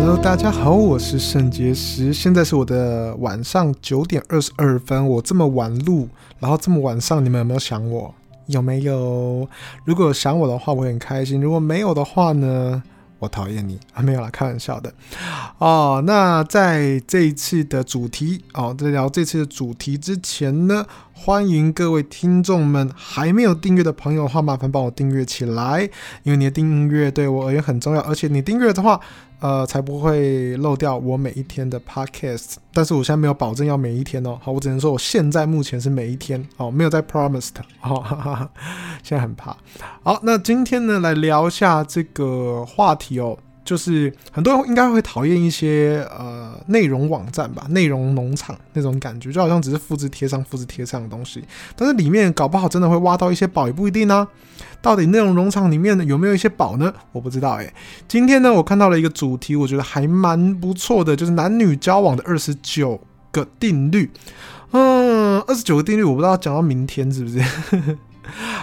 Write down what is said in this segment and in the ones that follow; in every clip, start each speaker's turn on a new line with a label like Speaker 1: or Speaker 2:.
Speaker 1: Hello，大家好，我是腎結石。現在是我的晚上九點二十二分，我這麼晚錄，然後這麼晚上，你們有沒有想我？有沒有？如果想我的話，我很開心；如果沒有的話呢，我討厭你。沒有啦，開玩笑的。哦。那在這一次的主題哦，在聊這次的主題之前呢，歡迎各位聽眾們還沒有訂閱的朋友的話，麻煩幫我訂閱起來，因為你的訂閱對我而言很重要，而且你訂閱的話。呃，才不會漏掉我每一天的 podcast。但是我現在沒有保證要每一天哦。好，我只能說我現在目前是每一天，哦，沒有在 promise。好，哈哈哈，現在很怕。好，那今天呢，來聊一下這個話題哦。就是很多人應該會討厭一些呃內容網站吧，內容農場那種感覺，就好像只是複製貼上、複製貼上的東西。但是裡面搞不好真的會挖到一些寶，也不一定呢、啊。到底內容農場裡面呢，有沒有一些寶呢？我不知道哎、欸。今天呢，我看到了一個主題，我覺得還蠻不錯的，就是男女交往的二十九個定律。嗯，二十九個定律，我不知道要講到明天是不是？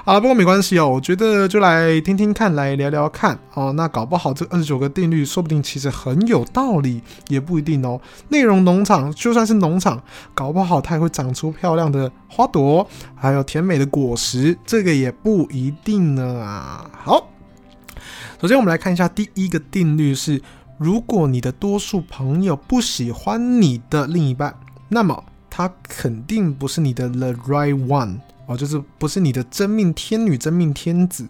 Speaker 1: 好、啊、了，不過沒關係哦。我覺得就來聽聽看，來聊聊看哦。那搞不好這二十九個定律，說不定其實很有道理，也不一定哦。內容農場就算是農場，搞不好它也會長出漂亮的花朵，還有甜美的果實，這個也不一定呢啊。好，首先我們來看一下第一個定律是：如果你的多數朋友不喜歡你的另一半，那麼他肯定不是你的 The Right One。哦，就是不是你的真命天女、真命天子，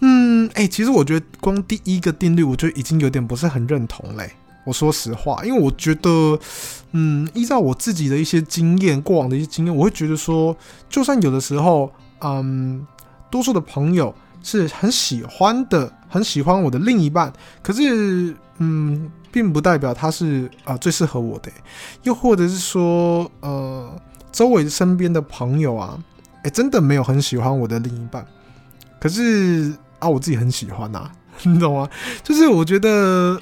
Speaker 1: 嗯，哎、欸，其實我覺得光第一個定律，我就已經有點不是很認同嘞、欸。我說實話，因為我覺得，嗯，依照我自己的一些經驗、過往的一些經驗，我會覺得說，就算有的時候，嗯，多數的朋友是很喜歡的，很喜歡我的另一半，可是，嗯，並不代表他是啊、呃、最適合我的、欸，又或者是說，呃，周圍身邊的朋友啊。哎、欸，真的沒有很喜歡我的另一半，可是啊，我自己很喜歡啊，你懂嗎？就是我覺得，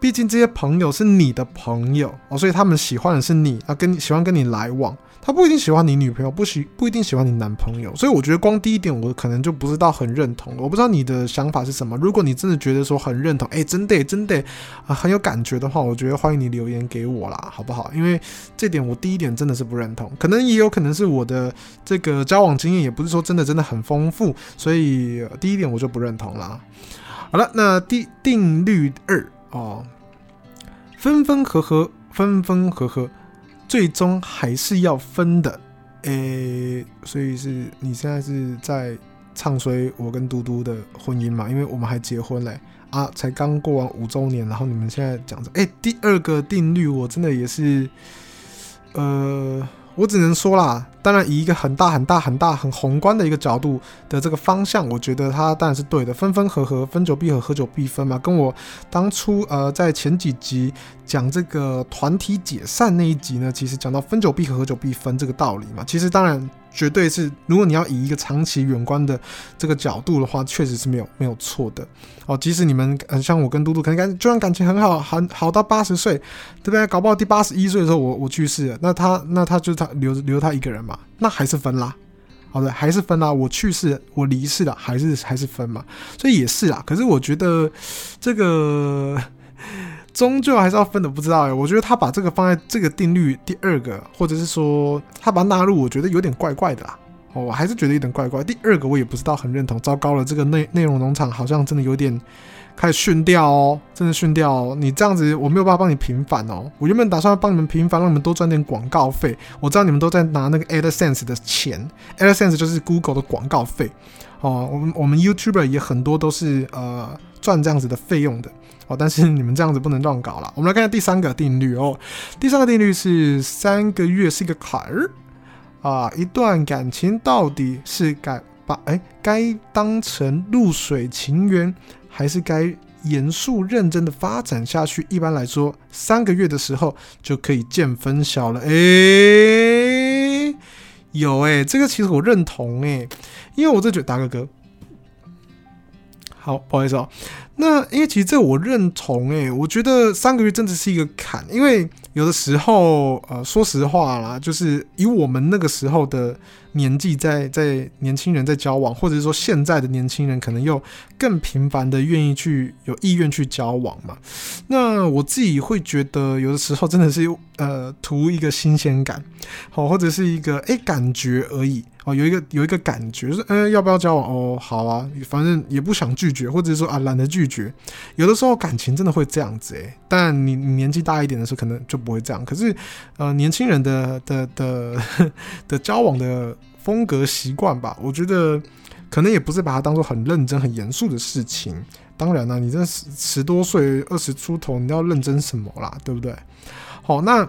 Speaker 1: 畢竟這些朋友是你的朋友哦，所以他們喜歡的是你啊，跟喜歡跟你來往。他不一定喜歡你女朋友，不喜不一定喜歡你男朋友，所以我覺得光第一點，我可能就不知道很認同。我不知道你的想法是什麼。如果你真的覺得說很認同，哎、欸，真的、欸、真的、欸呃、很有感覺的話，我覺得歡迎你留言給我啦，好不好？因為這點我第一點真的是不認同，可能也有可能是我的這個交往經驗也不是說真的真的很豐富，所以、呃、第一點我就不認同啦。好了，那第定律二哦，分分合合，分分合合。最終還是要分的，誒、欸，所以是你現在是在唱衰我跟嘟嘟的婚姻嗎？因為我們還結婚嘞啊，才剛過完五週年，然後你們現在講著，誒、欸，第二個定律，我真的也是，呃。我只能說啦，當然以一個很大很大很大很宏觀的一個角度的這個方向，我覺得它當然是對的，分分合合，分久必合，合久必分嘛。跟我當初呃在前幾集講這個團體解散那一集呢，其實講到分久必合，合久必分這個道理嘛。其實當然。絕對是，如果你要以一個長期遠觀的這個角度的話，確實是沒有沒有錯的哦。即使你們像我跟嘟嘟，可能感就算感情很好，很好，好到八十歲，對不對？搞不好第八十一歲的時候我，我我去世了，那他那他就他留留他一個人嘛，那還是分啦。好的，還是分啦。我去世了，我離世了，還是還是分嘛。所以也是啦。可是我覺得這個。終究還是要分的，不知道欸。我覺得他把這個放在這個定律第二個，或者是說他把它納入，我覺得有點怪怪的啦，哦。我還是覺得有點怪怪。第二個我也不知道很認同。糟糕了，這個內內容農場好像真的有點開始遜掉哦，真的遜掉哦。你這樣子我沒有辦法幫你平反哦。我原本打算幫你們平反，讓你們多賺點廣告費。我知道你們都在拿那個 AdSense 的錢，AdSense 就是 Google 的廣告費。哦，我們我們 YouTuber 也很多都是呃賺這樣子的費用的。但是你們這樣子不能亂搞了。我們來看下第三個定律哦。第三個定律是三個月是一個坎兒啊，一段感情到底是該把哎該當成露水情緣，還是該嚴肅認真的發展下去？一般來說，三個月的時候就可以見分曉了。哎，有哎，這個其實我認同誒，因為我這就打個嗝，好，不好意思哦。那，因為其實這我認同誒、欸，我覺得三個月真的是一個坎，因為有的時候，呃，說實話啦，就是以我們那個時候的。年紀在在年輕人在交往，或者是說現在的年輕人可能又更頻繁的願意去有意願去交往嘛？那我自己會覺得有的時候真的是有呃圖一個新鮮感，好、哦、或者是一個誒、欸、感覺而已哦，有一個有一個感覺、就是嗯、呃、要不要交往哦，好啊，反正也不想拒絕，或者是說啊懶得拒絕，有的時候感情真的會這樣子誒、欸，但你你年紀大一點的時候可能就不會這樣，可是呃年輕人的的的的交往的。風格習慣吧，我覺得可能也不是把它當做很認真、很嚴肅的事情。當然啦啊，你這十多歲、二十出頭，你要認真什麼啦，對不對？好，那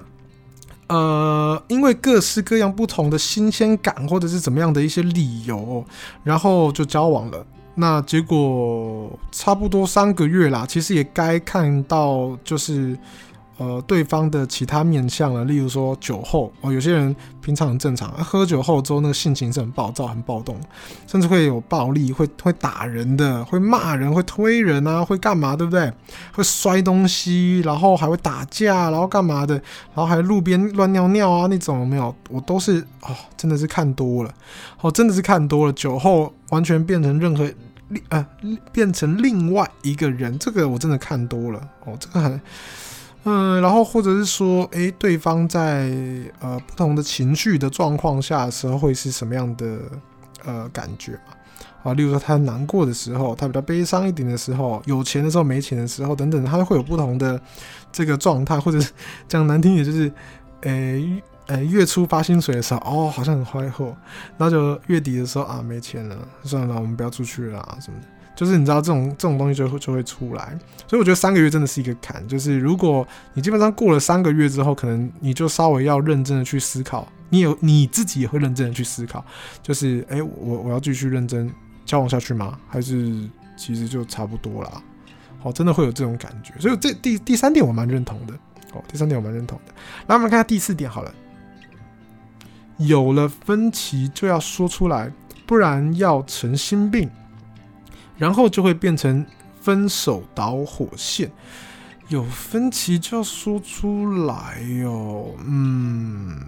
Speaker 1: 呃，因為各式各樣不同的新鮮感，或者是怎麼樣的一些理由，然後就交往了。那結果差不多三個月啦，其實也該看到就是。呃，對方的其他面相呢？例如說酒後哦，有些人平常很正常，啊、喝酒後之後那個性情是很暴躁、很暴動，甚至會有暴力，會會打人的，會罵人，會推人啊，會幹嘛，對不對？會摔東西，然後還會打架，然後幹嘛的？然後還路邊亂尿尿啊那種有沒有？我都是哦，真的是看多了，哦，真的是看多了，酒後完全變成任何另、呃、變成另外一個人，這個我真的看多了哦，這個很。嗯，然後或者是說，哎，對方在呃不同的情緒的狀況下的時候會是什麼樣的呃感覺啊？啊，例如說他難過的時候，他比較悲傷一點的時候，有錢的時候，沒錢的時候等等，他會有不同的這個狀態，或者是講難聽點就是，哎哎，月初發薪水的時候，哦，好像很揮霍，那就月底的時候啊，沒錢了，算了，我們不要出去了啊什麼的。就是你知道這種這種東西就會就會出來，所以我覺得三個月真的是一個坎。就是如果你基本上過了三個月之後，可能你就稍微要認真的去思考你，你有你自己也會認真的去思考。就是誒、欸，我我要繼續認真交往下去嗎？還是其實就差不多啦？哦，真的會有這種感覺。所以這第第三點我蠻認同的。哦，第三點我蠻認同的。那我，我們看下第四點好了。有了分歧就要說出來，不然要成心病。然後就會變成分手導火線，有分歧就要說出來喲、哦。嗯，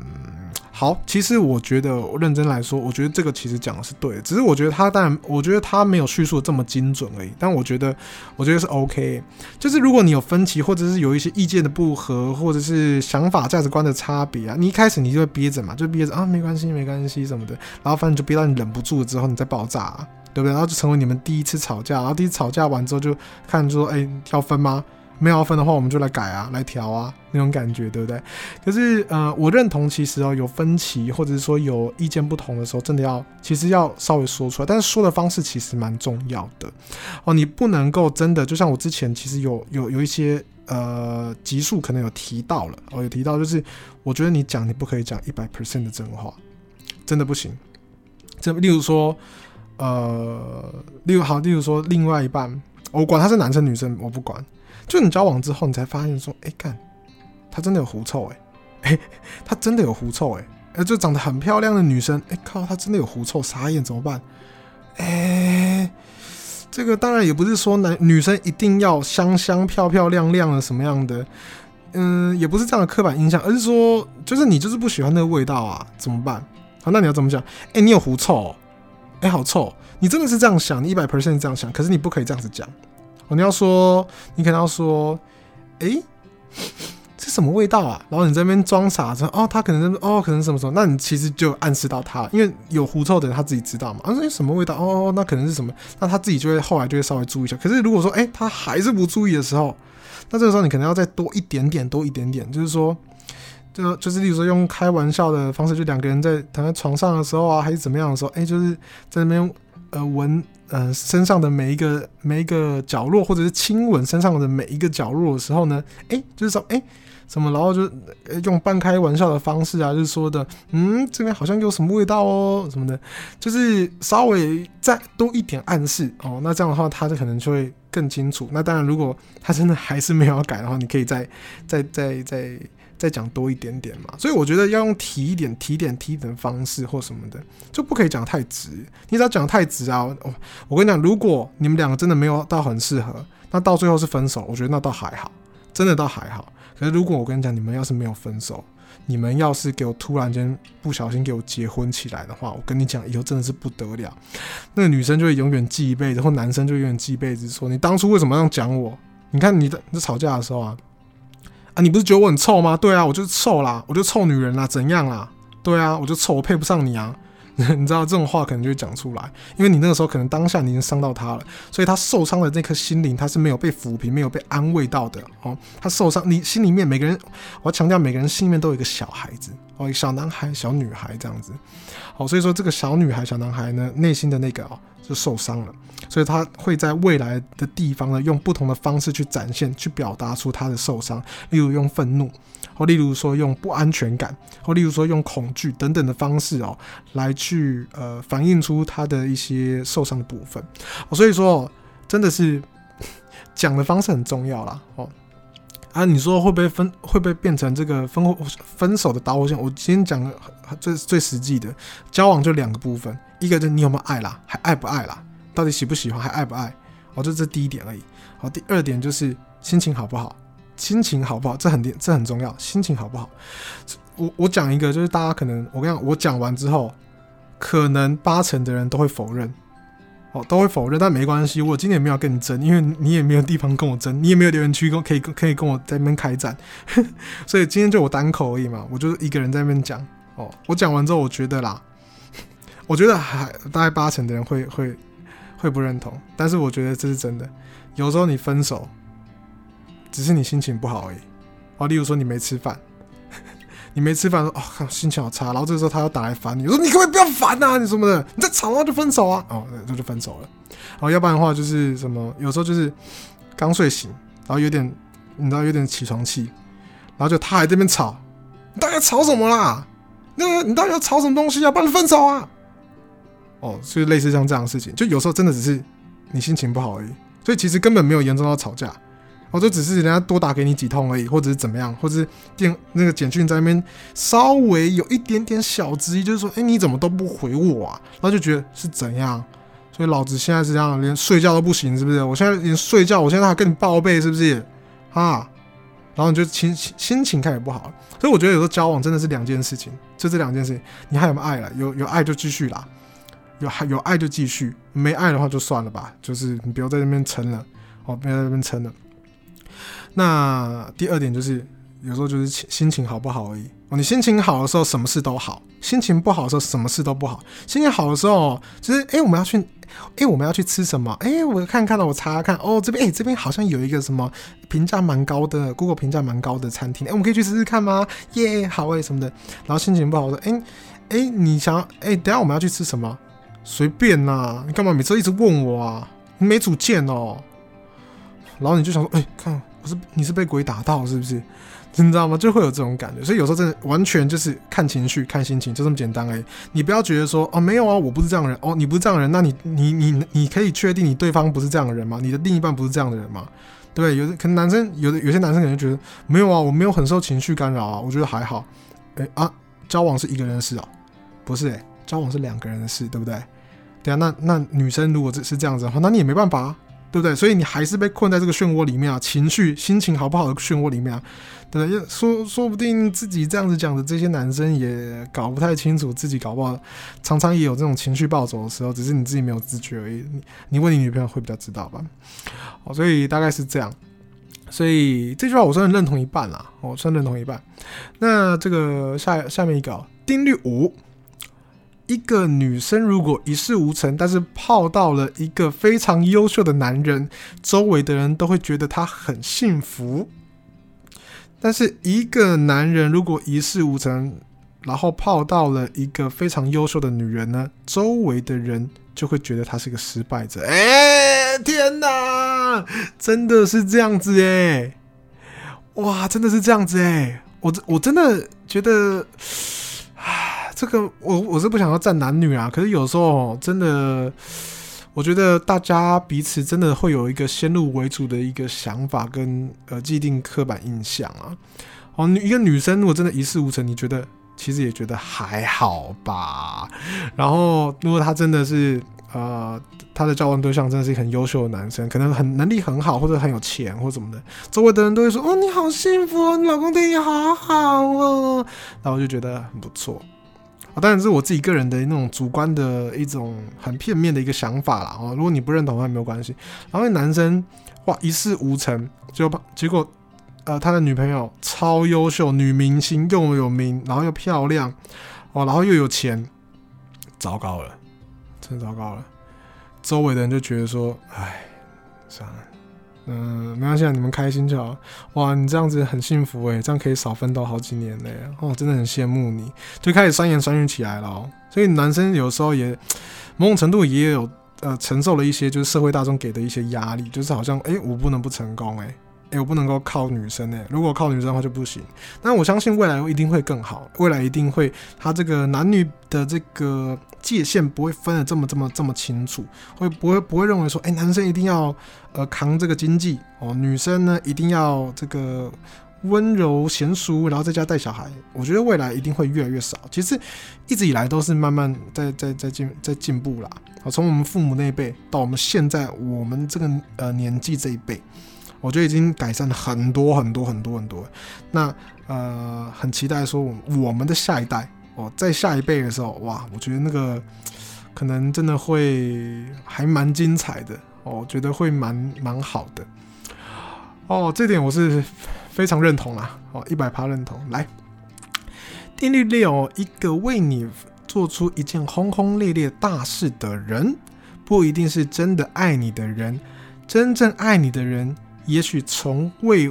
Speaker 1: 好，其實我覺得，我認真來說，我覺得這個其實講的是對的，只是我覺得他但我覺得他沒有敘述的這麼精準而已。但我覺得，我覺得是 OK，就是如果你有分歧或者是有一些意見的不合，或者是想法、價值觀的差別啊，你一開始你就會憋着嘛，就憋着啊，沒關係沒關係什麼的，然後反正就憋到你忍不住了之後，你再爆炸、啊。對不對？然後就成為你們第一次吵架，然後第一次吵架完之後就看，就看說，誒，要分嗎？沒有要分的話，我們就來改啊，來調啊，那種感覺，對不對？可是，呃，我認同，其實哦，有分歧或者是說有意見不同的時候，真的要，其實要稍微說出來，但是說的方式其實蠻重要的哦。你不能夠真的，就像我之前其實有有有一些呃集數可能有提到了哦，有提到就是，我覺得你講你不可以講一百 percent 的真話，真的不行。這例如說，呃，例如好，例如說另外一半，我管他是男生女生，我不管。就你交往之後，你才發現說，哎看他真的有狐臭誒，哎，他真的有狐臭哎，欸，誒、欸欸欸，就長得很漂亮的女生，哎，欸，靠，他真的有狐臭，傻眼怎麼辦？哎，欸，這個當然也不是說男女生一定要香香、漂漂亮亮的什麼樣的，嗯，也不是這樣的刻板印象，而是說，就是你就是不喜歡那個味道啊，怎麼辦？好，那你要怎麼講？哎，欸，你有狐臭喔。哎、欸，好臭！你真的是這樣想，你一百 percent 這樣想，可是你不可以這樣子講、哦，你要說，你可能要說，哎、欸， 這是什麼味道啊？然後你這邊裝傻子，哦，他可能哦，可能什麼時候？那你其實就暗示到他，因為有狐臭的人他自己知道嘛。啊，那什麼味道？哦，那可能是什麼？那他自己就會後來就會稍微注意一下。可是如果說，哎、欸，他還是不注意的時候，那這個時候你可能要再多一點點，多一點點，就是說。就就是例如說用開玩笑的方式，就兩個人在躺在床上的時候啊，還是怎麼樣的時候，哎、欸，就是在那邊呃聞呃身上的每一個每一個角落，或者是親吻身上的每一個角落的時候呢，哎、欸，就是說哎、欸、什麼，然後就、欸、用半開玩笑的方式啊，就是說的嗯，這邊好像有什麼味道哦什麼的，就是稍微再多一點暗示哦，那這樣的話，他就可能就會更清楚。那當然，如果他真的還是沒有改的話，你可以再再再再。再再再講多一點點嘛，所以我覺得要用提一點、提點、提點的方式或什麼的，就不可以講太直。你只要講太直啊，我，我跟你講，如果你們兩個真的沒有到很適合，那到最後是分手，我覺得那倒還好，真的倒還好。可是如果我跟你講，你們要是沒有分手，你們要是給我突然間不小心給我結婚起來的話，我跟你講，以後真的是不得了。那個女生就會永遠記一輩子，或男生就永遠記一輩子說你當初為什麼要講我？你看你的，你在吵架的時候啊。啊，你不是覺得我很臭嗎？對啊，我就是臭啦，我就臭女人啦，怎樣啦？對啊，我就臭，我配不上你啊。 你知道這種話可能就會講出來，因為你那個時候可能當下你已經傷到他了，所以他受傷的那顆心靈，他是沒有被撫平、沒有被安慰到的哦。他受傷，你心裡面每個人，我要強調，每個人心裡面都有一個小孩子哦，一個小男孩、小女孩這樣子。好、哦，所以說這個小女孩、小男孩呢，內心的那個哦，就受傷了，所以他會在未來的地方呢，用不同的方式去展現、去表達出他的受傷，例如用憤怒。或例如說用不安全感，或例如說用恐懼等等的方式哦、喔，來去呃反映出他的一些受傷的部分。喔、所以說真的是講的方式很重要啦。哦、喔。啊，你說會不會分，會不會變成這個分分手的導火線？我今天講的最最實際的交往就兩個部分，一個就是你有沒有愛啦，還愛不愛啦，到底喜不喜歡，還愛不愛？哦、喔，就這第一點而已。好、喔，第二點就是心情好不好。心情好不好？這很，這很重要。心情好不好？我我講一個，就是大家可能我跟你講，我講完之後，可能八成的人都會否認，哦，都會否認。但沒關係，我今天也沒有跟你爭，因為你也沒有地方跟我爭，你也沒有留言區跟可以可以，可以跟我在那邊開戰， 所以今天就我單口而已嘛，我就是一個人在那邊講。哦，我講完之後，我覺得啦，我覺得還大概八成的人會會會不認同，但是我覺得這是真的。有時候你分手。只是你心情不好而已。好，例如說你沒吃飯，你沒吃飯，哦，心情好差。然後這個時候他又打來煩你，我說你可不可以不要煩啊？你什麼的，你再吵他、啊、就分手啊，哦，那就分手了。然後要不然的話就是什麼，有時候就是剛睡醒，然後有點你知道有點起床氣，然後就他還在那邊吵，你到底要吵什麼啦？那你到底要吵什麼東西啊？不然你分手啊！哦，就是類似像這樣的事情，就有時候真的只是你心情不好而已。所以其實根本沒有嚴重到吵架。我、哦、這只是人家多打給你幾通而已，或者是怎麼樣，或者是電那個簡訊在那邊稍微有一點點小質疑，就是說，哎、欸，你怎麼都不回我啊？然後就覺得是怎樣？所以老子現在是這樣，連睡覺都不行，是不是？我現在連睡覺，我現在還跟你報備，是不是？啊？然後你就心心情開始不好了。所以我覺得有時候交往真的是兩件事情，就這兩件事情，你還有沒有愛了？有有愛就繼續啦，有還有愛就繼續，沒愛的話就算了吧，就是你不要在那邊撐了，哦，不要在那邊撐了。那第二點就是，有時候就是心情好不好而已、哦、你心情好的時候，什麼事都好；心情不好的時候，什麼事都不好。心情好的時候，就是哎、欸，我們要去，哎、欸，我們要去吃什麼？哎、欸，我看看了，我查查看哦，這邊哎、欸，這邊好像有一個什麼評價蠻高的，Google 評價蠻高的餐廳，哎、欸，我們可以去試試看嗎？耶、yeah,，好哎、欸，什麼的。然後心情不好的，哎、欸、哎、欸，你想哎、欸，等下我們要去吃什麼？隨便啦、啊，你幹嘛每次一直問我啊？你沒主見哦。然後你就想說，哎、欸，看。不是，你是被鬼打到是不是？你知道嗎？就會有這種感覺，所以有時候真的完全就是看情緒、看心情，就這麼簡單而已。你不要覺得說哦，沒有啊，我不是這樣的人哦，你不是這樣的人，那你你你你可以確定你對方不是這樣的人嗎？你的另一半不是這樣的人嗎？對，有的可能男生有的有些男生可能覺得沒有啊，我沒有很受情緒干擾啊，我覺得還好。誒。啊，交往是一個人的事喔，不是誒，交往是兩個人的事，對不對？對啊，那那女生如果是這樣子的話，那你也沒辦法啊。對不對？所以你還是被困在這個漩渦裡面啊，情緒、心情好不好的漩渦裡面啊，對不對？說說不定自己這樣子講的這些男生也搞不太清楚，自己搞不好常常也有這種情緒暴走的時候，只是你自己沒有自覺而已。你，你問你女朋友會比較知道吧？哦，所以大概是這樣。所以這句話我算是認同一半啦，我算認同一半。那這個下下面一個啊，定律五。一個女生如果一事無成，但是泡到了一個非常優秀的男人，周圍的人都會覺得她很幸福。但是一個男人如果一事無成，然後泡到了一個非常優秀的女人呢？周圍的人就會覺得他是個失敗者。欸，天哪，真的是這樣子欸！哇，真的是這樣子欸！我我真的覺得。這個我我是不想要站男女啊，可是有時候真的，我覺得大家彼此真的會有一個先入為主的一個想法跟呃既定刻板印象啊。哦，一個女生如果真的一事無成，你覺得其實也覺得還好吧？然後如果她真的是呃她的交往對象真的是一個很優秀的男生，可能很能力很好或者很有錢或者什麼的，周圍的人都會說哦，你好幸福哦，你老公對你好好哦，然後我就覺得很不錯。哦，當然是我自己個人的那種主觀的一種很片面的一個想法啦。哦，如果你不認同的話，也沒有關係。然後男生哇，一事無成，就結果，呃，他的女朋友超優秀，女明星又有名，然後又漂亮，哦，然後又有錢，糟糕了，真糟糕了。周圍的人就覺得說，唉，算了。嗯，沒關係，啊，你們開心就好。哇，你這樣子很幸福誒、欸，這樣可以少奮鬥好幾年嘞、欸、哦，真的很羨慕你。就開始酸言酸語起來了哦，所以男生有時候也某種程度也有呃承受了一些就是社會大眾給的一些壓力，就是好像誒、欸，我不能不成功誒、欸。哎、欸，我不能夠靠女生呢、欸。如果靠女生的話就不行。但我相信未來一定會更好，未來一定會，他這個男女的這個界限不會分得這麼這麼這麼清楚，會不會不會認為說，哎、欸，男生一定要呃扛這個經濟哦、呃，女生呢一定要這個溫柔賢淑，然後在家帶小孩。我覺得未來一定會越來越少。其實一直以來都是慢慢在在在進在進步啦。從、呃、我們父母那一輩到我們現在我們這個呃年紀這一輩。我覺得已經改善了很多很多很多很多。那呃，很期待說我們的下一代，哦，在下一輩的時候，哇，我覺得那個可能真的會還蠻精彩的，哦。我覺得會蠻蠻好的。哦，這點我是非常認同啦。哦，一百趴認同。來，定律六哦，一個為你做出一件轟轟烈烈大事的人，不一定是真的愛你的人，真正愛你的人。也許從未，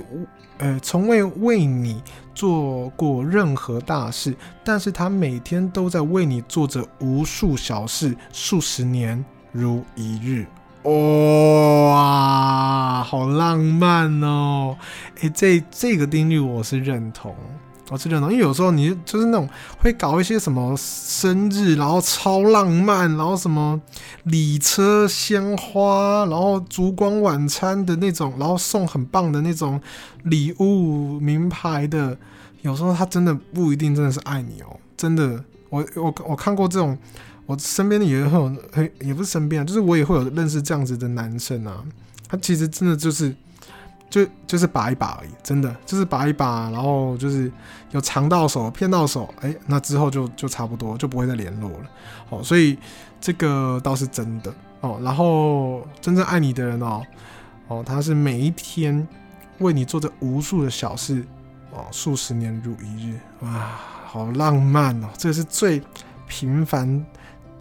Speaker 1: 呃，從未為你做過任何大事，但是他每天都在為你做着無數小事，數十年如一日。哇，好浪漫哦！哎、欸，這這個定律我是認同。我知道，因為有時候你就是那種會搞一些什麼生日，然後超浪漫，然後什麼禮車、鮮花，然後燭光晚餐的那種，然後送很棒的那種禮物、名牌的。有時候他真的不一定真的是愛你哦、喔，真的，我我我看過這種，我身邊的也會有，也也不是身邊啊，就是我也會有認識這樣子的男生啊，他其實真的就是。就就是拔一把而已，真的就是拔一把，然後就是有藏到手、騙到手，哎，那之後就就差不多就不會再聯絡了。哦。所以這個倒是真的哦。然後真正愛你的人哦，哦，他是每一天為你做着無數的小事，哦，數十年如一日，哇，好浪漫哦！這是最平凡、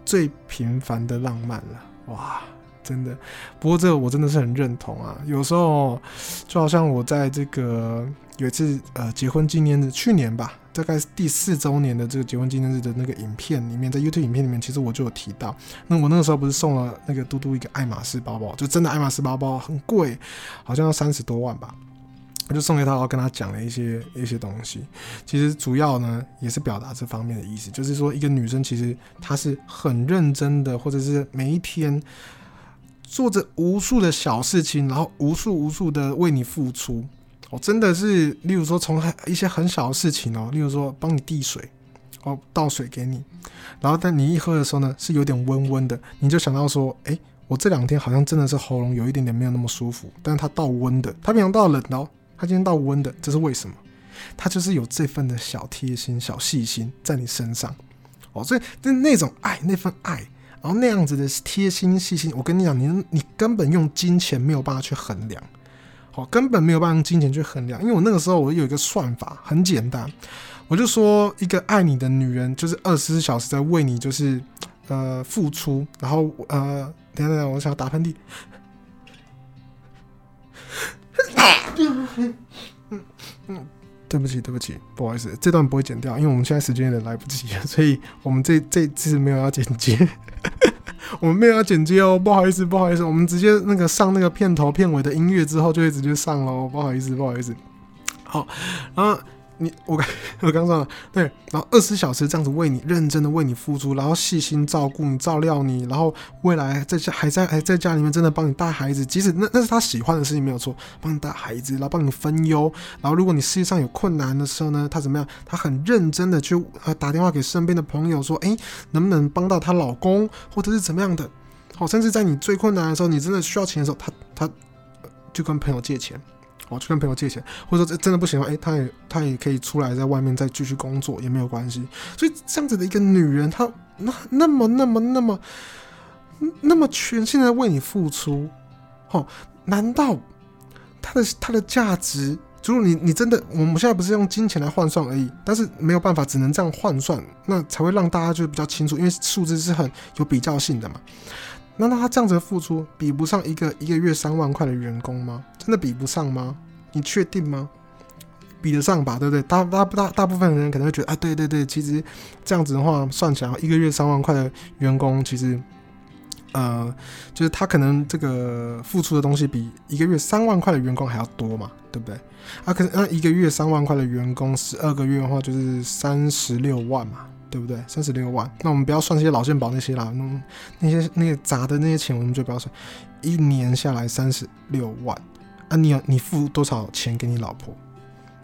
Speaker 1: 最平凡的浪漫了，哇。真的，不過這個我真的是很認同啊。有時候，就好像我在這個有一次呃結婚紀念日，去年吧，大概是第四周年的這個結婚紀念日的那個影片裡面，在 YouTube 影片裡面，其實我就有提到。那我那個時候不是送了那個嘟嘟一個愛馬仕包包，就真的愛馬仕包包很貴，好像要三十多萬吧，我就送給他，然後跟他講了一些一些東西。其實主要呢也是表達這方面的意思，就是說一個女生其實她是很認真的，或者是每一天，做着無數的小事情，然後無數無數的為你付出，哦，真的是，例如說從一些很小的事情哦，例如說幫你遞水，哦，倒水給你，然後但你一喝的時候呢，是有點溫溫的，你就想到說，誒，我這兩天好像真的是喉嚨有一點點沒有那麼舒服，但是他倒溫的，他沒有倒冷的，哦，他今天倒溫的，這是為什麼？他就是有這份的小貼心、小細心在你身上，哦，所以那那種愛，那份愛。然後那樣子的貼心細心，我跟你講，你你根本用金錢沒有辦法去衡量，好，根本沒有辦法用金錢去衡量。因為我那個時候我有一個算法，很簡單，我就說一個愛你的女人就是二十四小時在為你就是呃付出，然後呃等下等下，我想要打噴嚏。 啊 嗯嗯對不起，對不起，不好意思，這段不會剪掉，因為我們現在時間有點來不及，所以我們這這其實沒有要剪輯， 我們沒有要剪輯哦，不好意思，不好意思，我們直接那個上那個片頭片尾的音樂之後就一直就上嘍，不好意思，不好意思，好，然後。你我剛我剛算了對，然後二十小時這樣子為你認真的為你付出，然後細心照顧你照料你，然後未來在家還在還在家裡面真的幫你帶孩子，即使那那是他喜歡的事情沒有錯，幫你帶孩子，然後幫你分憂，然後如果你事業上有困難的時候呢，他怎麼樣？他很認真的去呃打電話給身邊的朋友說，哎，能不能幫到他老公或者是怎麼樣的？好、哦，甚至在你最困難的時候，你真的需要錢的時候，他他就跟朋友借錢。去跟朋友借錢，或者說真的不行了，哎、欸，她也她也可以出來在外面再繼續工作，也沒有關係。所以這樣子的一個女人，她那那麼那麼那麼那麼全心的為你付出，哦，難道她的她的價值，如果你你真的，我們現在不是用金錢來換算而已，但是沒有辦法，只能這樣換算，那才會讓大家就比較清楚，因為數字是很有比較性的嘛。難道她這樣子的付出，比不上一個一個月三萬塊的員工嗎？真的比不上嗎？你確定嗎？比得上吧，對不對？大大大大部分人可能會覺得啊，對對對，其實這樣子的話，算起來一個月三萬塊的員工，其實呃，就是他可能這個付出的東西比一個月三萬塊的員工還要多嘛，對不對？啊，可能那、啊、一個月三萬塊的員工，十二個月的話就是三十六萬嘛，對不對？三十六萬，那我們不要算那些勞健保那些啦，那那些那些、個、雜的那些錢我們就不要算，一年下來三十六萬。那、啊、你有你付多少錢給你老婆？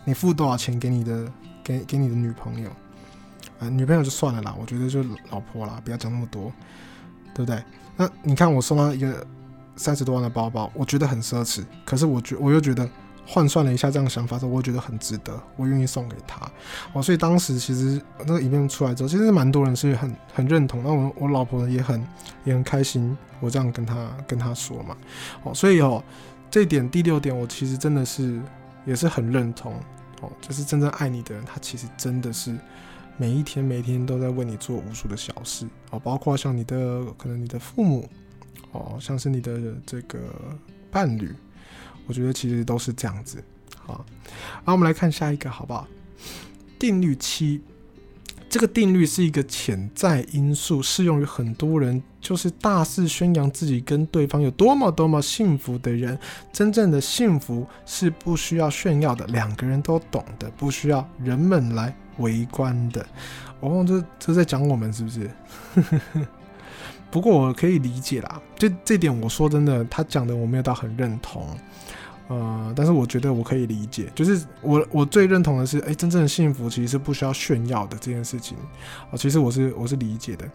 Speaker 1: 你付多少錢給你的給給你的女朋友？呃、啊，女朋友就算了啦，我覺得就老婆啦，不要講那麼多，對不對？那你看我送她一個三十多萬的包包，我覺得很奢侈，可是我覺我又覺得換算了一下這樣的想法之後，我覺得很值得，我願意送給她哦。所以當時其實那個影片出來之後，其實蠻多人是很很認同，那我我老婆也很也很開心，我這樣跟她跟她說嘛。哦，所以哦。這點第六點，我其實真的是也是很認同哦，就是真正愛你的人，他其實真的是每一天每一天都在為你做無數的小事哦，包括像你的可能你的父母哦，像是你的這個伴侶，我覺得其實都是這樣子。好、哦、好、啊，我們來看下一個好不好？定律七。這個定律是一個潛在因素，適用於很多人，就是大肆宣揚自己跟對方有多麼多麼幸福的人。真正的幸福是不需要炫耀的，兩個人都懂的，不需要人們來圍觀的。我、哦、忘了這這在講我們是不是？ 不過我可以理解啦，這這點我說真的，他講的我沒有到很認同。呃，但是我覺得我可以理解，就是我我最認同的是，哎，真正的幸福其實是不需要炫耀的這件事情，啊，其實我是我是理解的，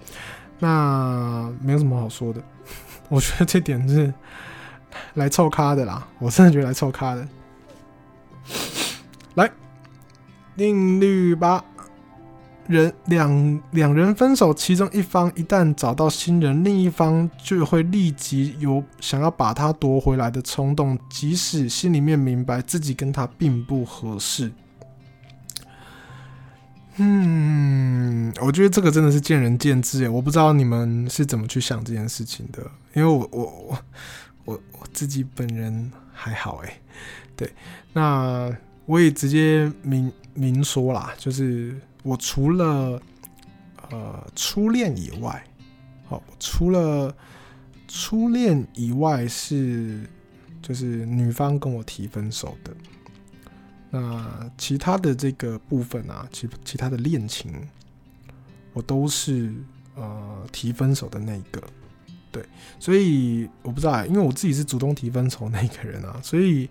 Speaker 1: 那沒有什麼好說的，我覺得這點是來湊咖的啦，我真的覺得來湊咖的。來，定律吧。人兩兩人分手，其中一方一旦找到新人，另一方就會立即有想要把他奪回來的衝動，即使心裡面明白自己跟他並不合適。嗯，我覺得這個真的是見仁見智誒，我不知道你們是怎麼去想這件事情的，因為我我我我我自己本人還好哎，對，那我也直接明明說啦，就是。我除了呃初戀以外，好、哦，除了初戀以外是就是女方跟我提分手的。那其他的這個部分啊，其其他的戀情，我都是呃提分手的那一個。對，所以我不知道、欸，因為我自己是主動提分手的那個人啊，所以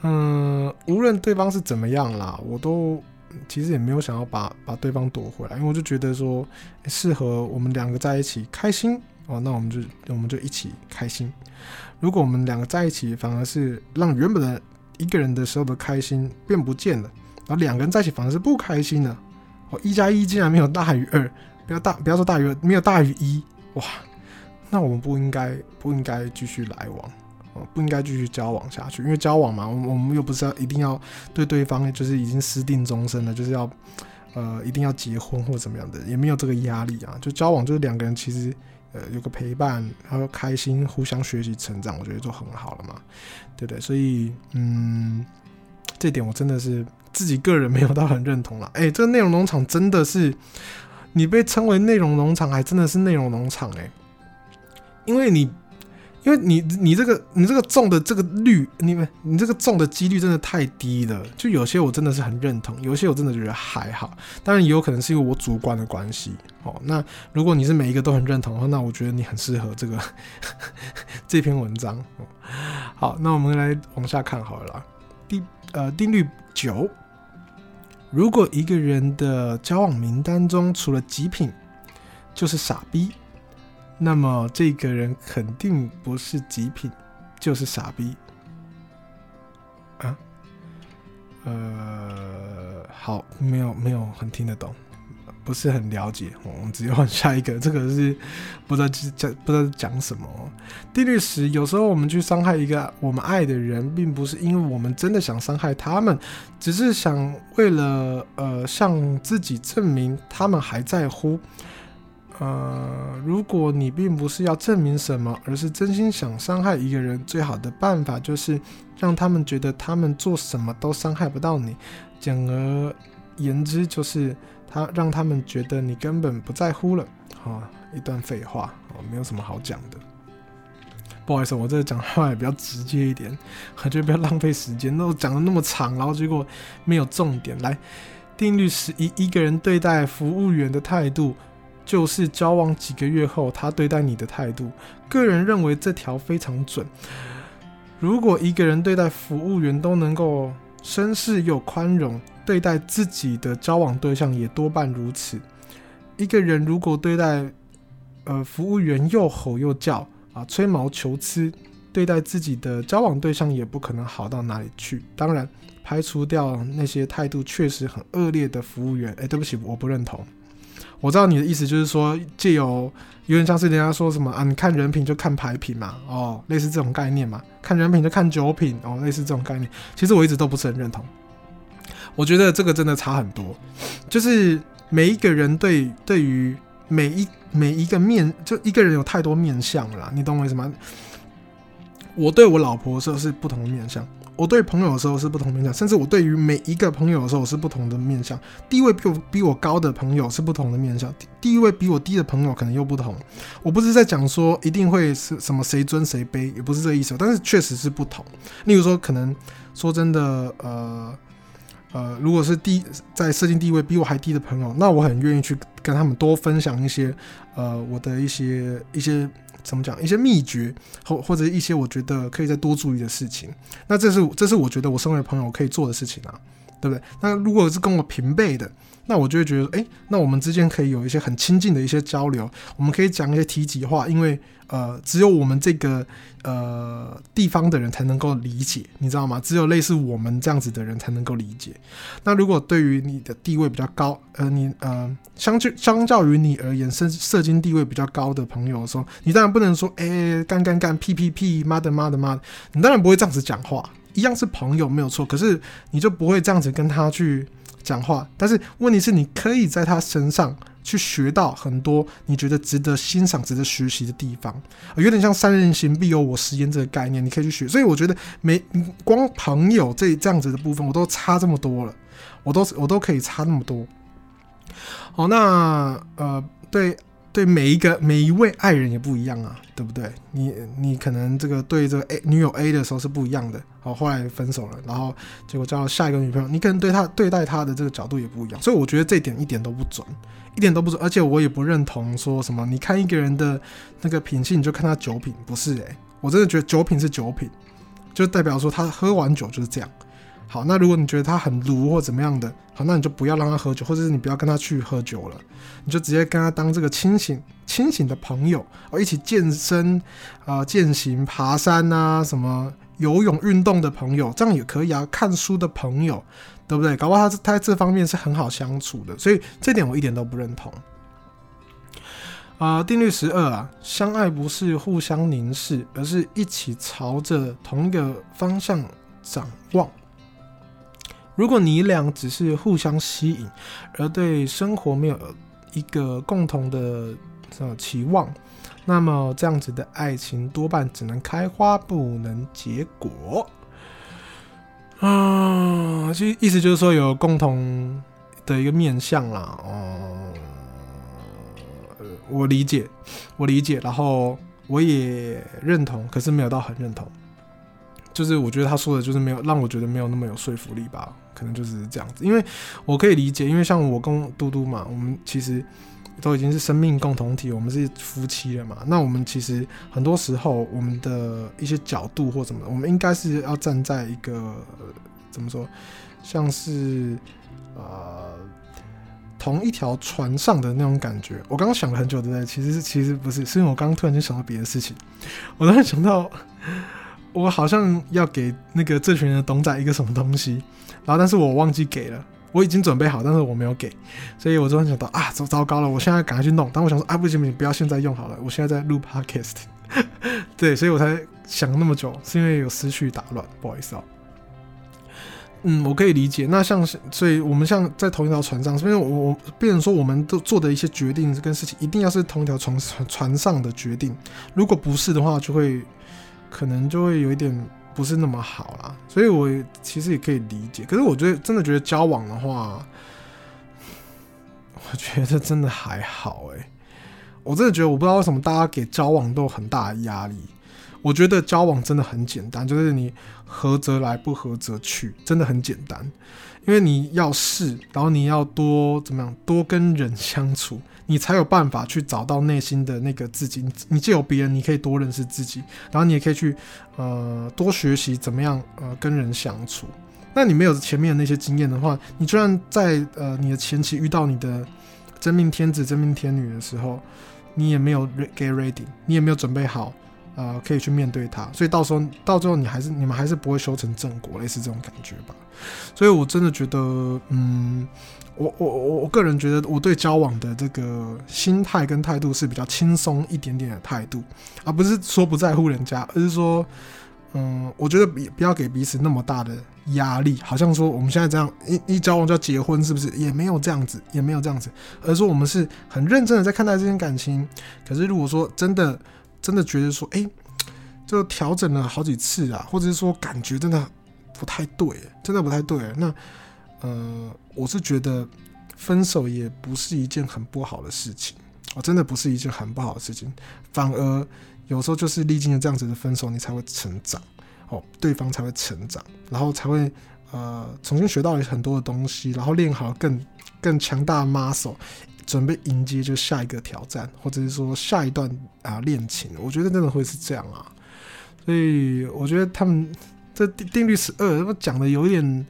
Speaker 1: 嗯，無論對方是怎麼樣啦，我都。其實也沒有想要把把對方奪回來，因為我就覺得說欸、適合我們兩個在一起開心哦，那我們就我們就一起開心。如果我們兩個在一起反而是讓原本的一個人的時候的開心變不見了，然後兩個人在一起反而是不開心了。哦，一加一竟然沒有大於二，不要大不要說大於二，沒有大於一，哇，那我們不應該不應該繼續來往，嗯、不應該繼續交往下去，因為交往嘛，我們，我們又不是要一定要對對方就是已經私定終身了，就是要呃一定要結婚或怎麼樣的，也沒有這個壓力啊。就交往就是兩個人其實呃有個陪伴，還有開心，互相學習成長，我覺得就很好了嘛，對不對？所以嗯，這點我真的是自己個人沒有到很認同了。誒、欸，這個內容農場真的是你被稱為內容農場，還真的是內容農場誒、欸，因為你。因為你你這個你這個中的這個率，你們你這個中的幾率真的太低了。就有些我真的是很認同，有些我真的覺得還好。當然也有可能是因為我主觀的關係哦。那如果你是每一個都很認同的話，那我覺得你很適合這個 這篇文章，哦。好，那我們來往下看好了。第呃定律九：如果一個人的交往名單中除了極品就是傻逼，那麼這個人肯定不是極品，就是傻逼，啊，呃，好，沒有沒有很聽得懂，不是很了解，我們直接換下一個。這個是不知道這不知道講什麼。定律十：有時候我們去傷害一個我們愛的人，並不是因為我們真的想傷害他們，只是想為了呃向自己證明他們還在乎。呃，如果你並不是要證明什麼，而是真心想傷害一個人，最好的辦法就是讓他們覺得他們做什麼都傷害不到你。簡而言之，就是他讓他們覺得你根本不在乎了。好、啊，一段廢話，啊，沒有什麼好講的。不好意思，我這個講話也比較直接一點，我覺得比較浪費時間，我講的那麼長，然後結果沒有重點。來，定律十一，一個人對待服務員的態度。就是交往幾個月後，他對待你的態度。個人認為這條非常準。如果一個人對待服務員都能夠紳士又寬容，對待自己的交往對象也多半如此。一個人如果對待呃服務員又吼又叫啊，吹毛求疵，對待自己的交往對象也不可能好到哪裡去。當然，排除掉那些態度確實很惡劣的服務員。哎、欸，對不起，我不認同。我知道你的意思就是說，借由有點像是人家說什麼啊，你看人品就看牌品嘛。哦，類似這種概念嘛，看人品就看酒品哦，類似這種概念。其實我一直都不是很認同，我覺得這個真的差很多。就是每一個人對對於每一每一個面，就一個人有太多面向了啦，你懂我意思嗎？我對我老婆說是不同的面向。我對朋友的時候是不同面向，甚至我對於每一個朋友的時候是不同的面向。地位比我比我高的朋友是不同的面向，地位比我低的朋友可能又不同。我不是在講說一定會是什麼誰尊誰卑，也不是這個意思，但是確實是不同。例如說，可能說真的，呃呃，如果是地在社交地位比我還低的朋友，那我很願意去跟他們多分享一些，呃，我的一些一些。怎麼講？一些秘訣，或或者一些我覺得可以再多注意的事情。那這是這是我覺得我身為朋友可以做的事情啊，對不對？那如果是跟我平輩的。那我就會覺得，誒、欸，那我們之間可以有一些很親近的一些交流，我們可以講一些體己話，因為呃，只有我們這個呃地方的人才能夠理解，你知道嗎？只有類似我們這樣子的人才能夠理解。那如果對於你的地位比較高，呃，你呃相相相較於你而言，是社經地位比較高的朋友的時候，你當然不能說，誒、欸，幹幹幹，屁屁屁，媽的媽的媽的，你當然不會這樣子講話，一樣是朋友沒有錯，可是你就不會這樣子跟他去。講話，但是問題是，你可以在他身上去學到很多你覺得值得欣賞、值得學習的地方，呃，有點像三人行必有我師焉這個概念，你可以去學。所以我覺得沒，沒光朋友這這樣子的部分，我都差這麼多了，我都我都可以差那麼多。好，那呃，對。對每一個、每一位愛人也不一樣啊，對不對？你你可能這個對這個 A, 女友 A 的時候是不一樣的，好，後來分手了，然後結果叫下一個女朋友，你可能對她對待她的這個角度也不一樣，所以我覺得這一點一點都不準，一點都不準，而且我也不認同說什麼，你看一個人的那個品性，你就看他酒品，不是誒、欸。我真的覺得酒品是酒品，就代表說他喝完酒就是這樣。好，那如果你覺得他很盧或怎麼樣的，好，那你就不要讓他喝酒，或者是你不要跟他去喝酒了，你就直接跟他當這個清醒清醒的朋友哦，一起健身啊、呃，健行、爬山啊，什麼游泳運動的朋友，這樣也可以啊。看書的朋友，對不對？搞不好他他在這方面是很好相處的，所以這點我一點都不認同。啊、呃，定律十二啊，相愛不是互相凝視，而是一起朝着同一個方向展望。如果你倆只是互相吸引，而對生活沒有一個共同的呃期望，那麼這樣子的愛情多半只能開花不能結果。啊，就意思就是說有共同的一個面向啦。哦、嗯，我理解，我理解，然後我也認同，可是沒有到很認同。就是我覺得他說的就是沒有，讓我覺得沒有那麼有說服力吧。可能就是這樣子，因為我可以理解，因為像我跟嘟嘟嘛，我們其實都已經是生命共同體，我們是夫妻了嘛。那我們其實很多時候，我們的一些角度或怎麼，我們應該是要站在一個、呃、怎麼說，像是呃同一條船上的那種感覺。我剛剛想了很久，對不對？其實其實不是，是因為我剛剛突然間想到別的事情，我突然想到。我好像要給那個這群人的董仔一個什麼東西，然後但是我忘記給了，我已經準備好，但是我沒有給，所以我就突然想到啊，糟糟糕了，我現在趕快去弄。但我想說啊，不行不行，不要現在用好了，我現在在錄 podcast， 對，所以我才想那麼久，是因為有思緒打亂，不好意思啊、哦。嗯，我可以理解。那像，所以我們像在同一條船上，是因為我我變成說我們都做的一些決定跟事情一定要是同一條船船上的決定，如果不是的話就會。可能就會有一點不是那麼好啦，所以我其實也可以理解。可是我覺得真的覺得交往的話，我覺得真的還好誒、欸，我真的覺得我不知道為什麼大家給交往都有很大的壓力。我覺得交往真的很簡單，就是你合則來，不合則去，真的很簡單。因為你要試，然後你要多怎麼樣，多跟人相處，你才有辦法去找到內心的那個自己。你藉由別人，你可以多認識自己，然後你也可以去呃多學習怎麼樣呃跟人相處。那你沒有前面的那些經驗的話，你就算在呃你的前期遇到你的真命天子、真命天女的時候，你也沒有 get ready，你也沒有準備好。啊、呃，可以去面對他，所以到時候到最後，你還是你們還是不會修成正果，類似這種感覺吧。所以，我真的覺得，嗯，我我我個人覺得，我對交往的這個心態跟態度是比較輕鬆一點點的態度，而、啊、不是說不在乎人家，而是說，嗯，我覺得不要給彼此那麼大的壓力，好像說我們現在這樣一一交往就要結婚，是不是？也沒有這樣子，也沒有這樣子，而是說我們是很認真的在看待這段感情。可是，如果說真的。真的覺得說，哎、欸，就調整了好幾次啊，或者是說感覺真的不太對、欸，真的不太對、欸。那，呃，我是覺得分手也不是一件很不好的事情，我、哦、真的不是一件很不好的事情，反而有時候就是歷經了這樣子的分手，你才會成長，哦，對方才會成長，然後才會呃重新學到了很多的東西，然後練好更。更強大的 muscle，準備迎接就下一個挑戰，或者是說下一段啊戀情，我覺得真的會是這樣啊。所以我覺得他們這定律十二，那講的有一點，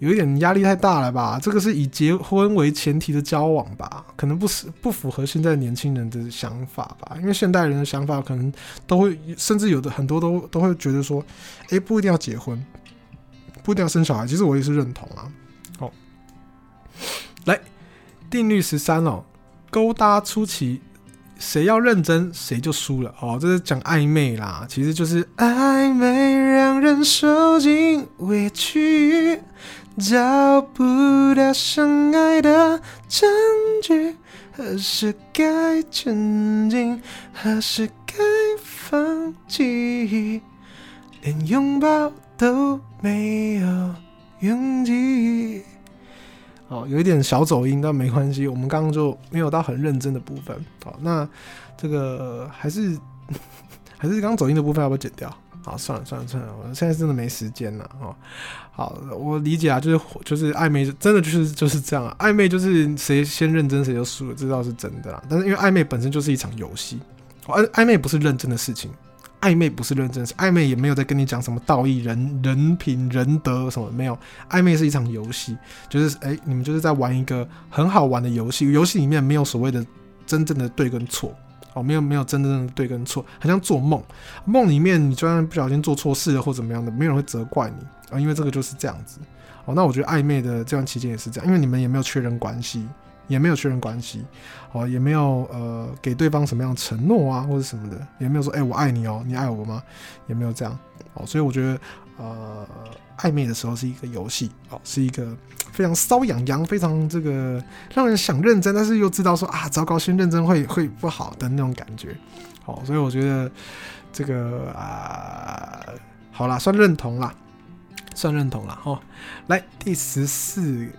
Speaker 1: 有一點壓力太大了吧？這個是以結婚為前提的交往吧，可能不是不符合現在年輕人的想法吧？因為現代人的想法可能都會，甚至有的很多都都會覺得說，哎、欸，不一定要結婚，不一定要生小孩。其實我也是認同啊。好、哦。定律十三哦，勾搭初期，誰要認真誰就輸了哦，這是講曖昧啦，其實就是曖昧讓人受盡委屈，找不到相愛的證據，何時該前進，何時該放棄，連擁抱都沒有勇氣。哦，有一點小走音，但沒關係。我們剛剛就沒有到很認真的部分。好、哦，那這個還是還是剛走音的部分，要不要剪掉？啊、哦，算了算了算了，我現在真的沒時間了。哦，好，我理解啊，就是就是曖昧，真的就是就是這樣啊。曖昧就是誰先認真誰就輸了，這倒是真的啦。但是因為曖昧本身就是一場遊戲，曖、哦、曖昧不是認真的事情。曖昧不是認真，曖昧也沒有在跟你講什麼道義、人、人品、仁德什麼的，沒有。曖昧是一場遊戲，就是哎、欸，你們就是在玩一個很好玩的遊戲，遊戲裡面沒有所謂的真正的對跟錯，哦，沒有沒有真正的對跟錯，很像做夢，夢裡面你就算不小心做錯事了或怎麼樣的，沒有人會責怪你啊、哦，因為這個就是這樣子。哦，那我覺得曖昧的這段期間也是這樣，因為你們也沒有確認關係。也沒有確認關係，哦，也沒有呃給對方什麼樣的承諾啊，或者什麼的，也沒有說哎、欸、我愛你哦，你愛我嗎？也沒有這樣，哦，所以我覺得呃曖昧的時候是一個遊戲，哦，是一個非常瘙癢癢，非常這個讓人想認真，但是又知道說啊糟糕，先認真會會不好的那種感覺，哦，所以我覺得這個啊、呃、好啦，算認同啦，算認同了，哦，來第十四。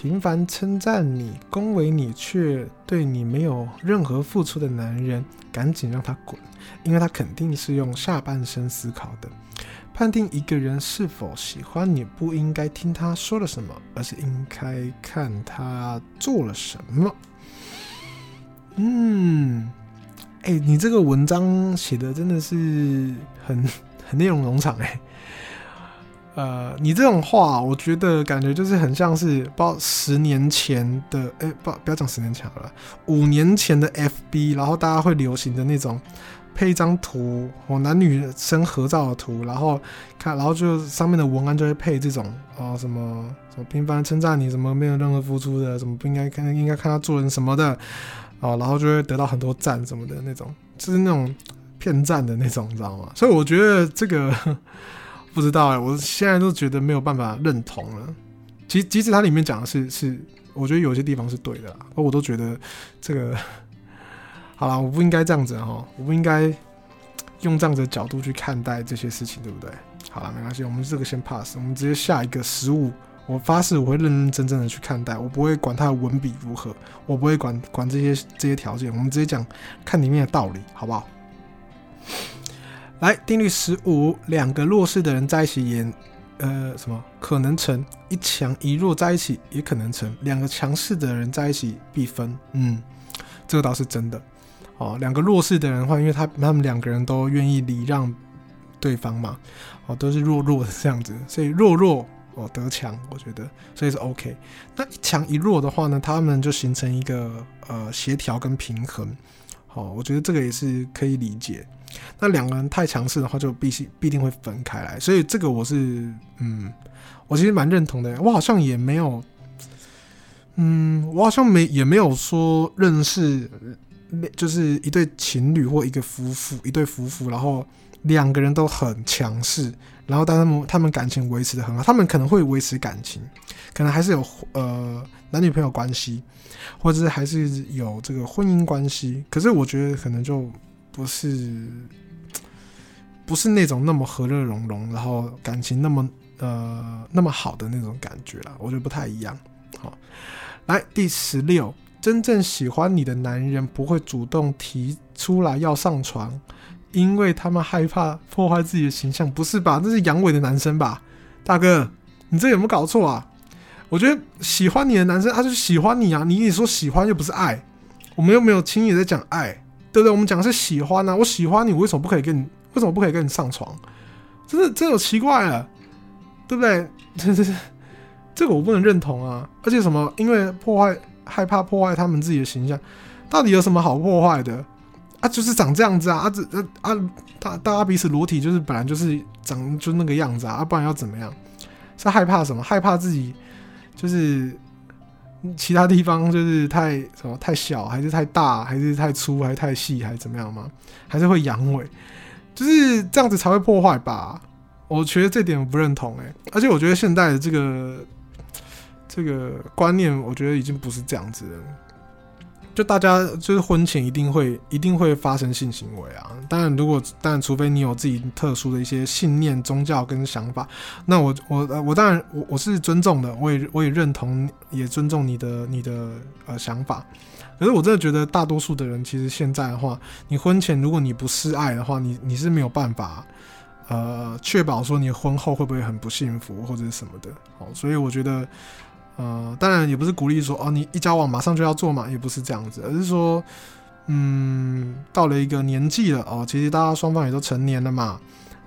Speaker 1: 頻繁稱讚你、恭維你，卻對你沒有任何付出的男人，趕緊讓他滾，因為他肯定是用下半身思考的。判定一個人是否喜歡你，不應該聽他說了什麼，而是應該看他做了什麼。嗯，哎、欸，你這個文章寫的真的是很很內容農場哎、欸。呃，你這種話，我覺得感覺就是很像是，不知道，十年前的，哎、欸，不，不要講十年前了，五年前的 FB，然後大家會流行的那種，配一張圖，哦，男女生合照的圖，然後看，然後就上面的文案就會配這種，啊、呃，什麼，什麼頻繁稱讚你，什麼沒有任何付出的，什麼不應該看，應該看他做人什麼的，啊、呃，然後就會得到很多讚什麼的那種，就是那種騙讚的那種，你知道嗎？所以我覺得這個。不知道哎、欸，我現在都覺得沒有辦法認同了。其實，即使它裡面講的是，是我覺得有些地方是對的，我我都覺得這個好了，我不應該這樣子哈、喔，我不應該用這樣子的角度去看待這些事情，對不對？好了，沒關係，我們這個先 pass，我們直接下一個十五，我發誓，我會認認真真的去看待，我不會管它的文筆如何，我不會管管這些這些條件，我們直接講看裡面的道理，好不好？來，定律十五，兩個弱勢的人在一起也，呃，什麼可能成？一強一弱在一起也可能成。兩個強勢的人在一起必分。嗯，這個倒是真的。哦，兩個弱勢的人的話，因為他他們兩個人都願意禮讓對方嘛，哦，都是弱弱的這樣子，所以弱弱哦得強，我覺得所以是 OK。那一強一弱的話呢，他們就形成一個呃協調跟平衡。好、哦，我覺得這個也是可以理解。那兩個人太強勢的話，就必須必定會分開來。所以這個我是，嗯，我其實蠻認同的。我好像也沒有，嗯，我好像沒也沒有說認識，就是一對情侶或一個夫婦，一對夫婦，然後兩個人都很強勢，然後但他們他們感情維持得很好，他們可能會維持感情，可能還是有呃男女朋友關係，或者是還是有這個婚姻關係。可是我覺得可能就。不是，不是那種那麼和樂融融，然後感情那麼呃那麼好的那種感覺了，我覺得不太一樣。好，來第十六，真正喜歡你的男人不會主動提出來要上床，因為他們害怕破壞自己的形象，不是吧？這是陽痿的男生吧？大哥，你這有沒有搞錯啊？我覺得喜歡你的男生，他就喜歡你啊，你你說喜歡又不是愛，我們又沒有輕易地講愛。對不對？我們講的是喜歡吶、啊，我喜歡你，我，為什麼不可以跟你？為什麼不可以跟你上床？真的，這有奇怪了，對不對？這這，這個我不能認同啊！而且什麼？因為破壞害怕破壞他們自己的形象，到底有什麼好破壞的啊？就是長這樣子啊，啊這啊，大、啊、大家彼此裸體，就是本來就是長就是、那個樣子啊，啊不然要怎麼樣？是害怕什麼？害怕自己就是。其他地方就是太什麼太小，還是太大，還是太粗，還是太細，還是怎麼樣嗎？還是會陽痿。就是這樣子才會破壞吧？我覺得這點我不認同誒、欸。而且我覺得現代的這個這個觀念，我覺得已經不是這樣子了。就大家就是婚前一定會一定會發生性行為啊！當然如果但除非你有自己特殊的一些信念、宗教跟想法，那我我我當然我我是尊重的，我也我也認同，也尊重你的你的呃想法。可是我真的覺得大多數的人其實現在的話，你婚前如果你不示愛的話，你你是沒有辦法呃確保說你婚後會不會很不幸福或者是什麼的。好，所以我覺得。呃，當然也不是鼓勵說哦，你一交往馬上就要做嘛，也不是這樣子，而是說，嗯，到了一個年紀了哦，其實大家雙方也都成年了嘛，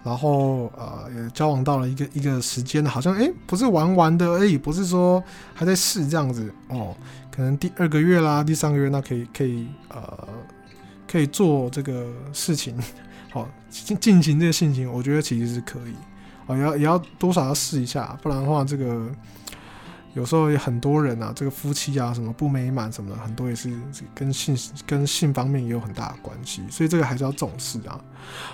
Speaker 1: 然後呃，也交往到了一個一個時間，好像哎、欸，不是玩玩的而已，欸、不是說還在試這樣子哦，可能第二個月啦，第三個月那可以可以呃，可以做這個事情，好進行這個性情，我覺得其實是可以，哦，也要也要多少要試一下，不然的話這個。有時候很多人啊，這個夫妻啊，什麼不美滿什麼的，很多也是跟性跟性方面也有很大的關係，所以這個還是要重視啊。